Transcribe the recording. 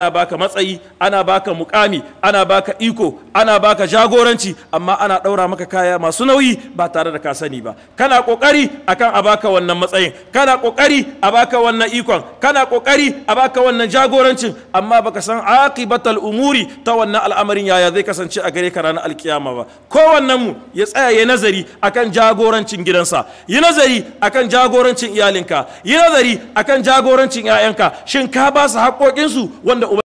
ana baka matsayi ana baka mukami ana baka iko ana baka jagoranci amma ana ɗaura maka kaya masu nauyi ba tare da ka sani ba kana ƙoƙari akan a baka wannan matsayin kana ƙoƙari a baka wannan ikon kana ƙoƙari a baka wannan jagorancin amma baka san aqibatal umuri ta wannan al'amarin yaya zai kasance a gare ka ranar alkiyama ba kowannen mu ya tsaya ya nazari akan jagorancin gidansa yi nazari akan jagorancin iyalinka yi nazari akan jagorancin 'ya'yanka shin ka ba su haƙoƙinsu wanda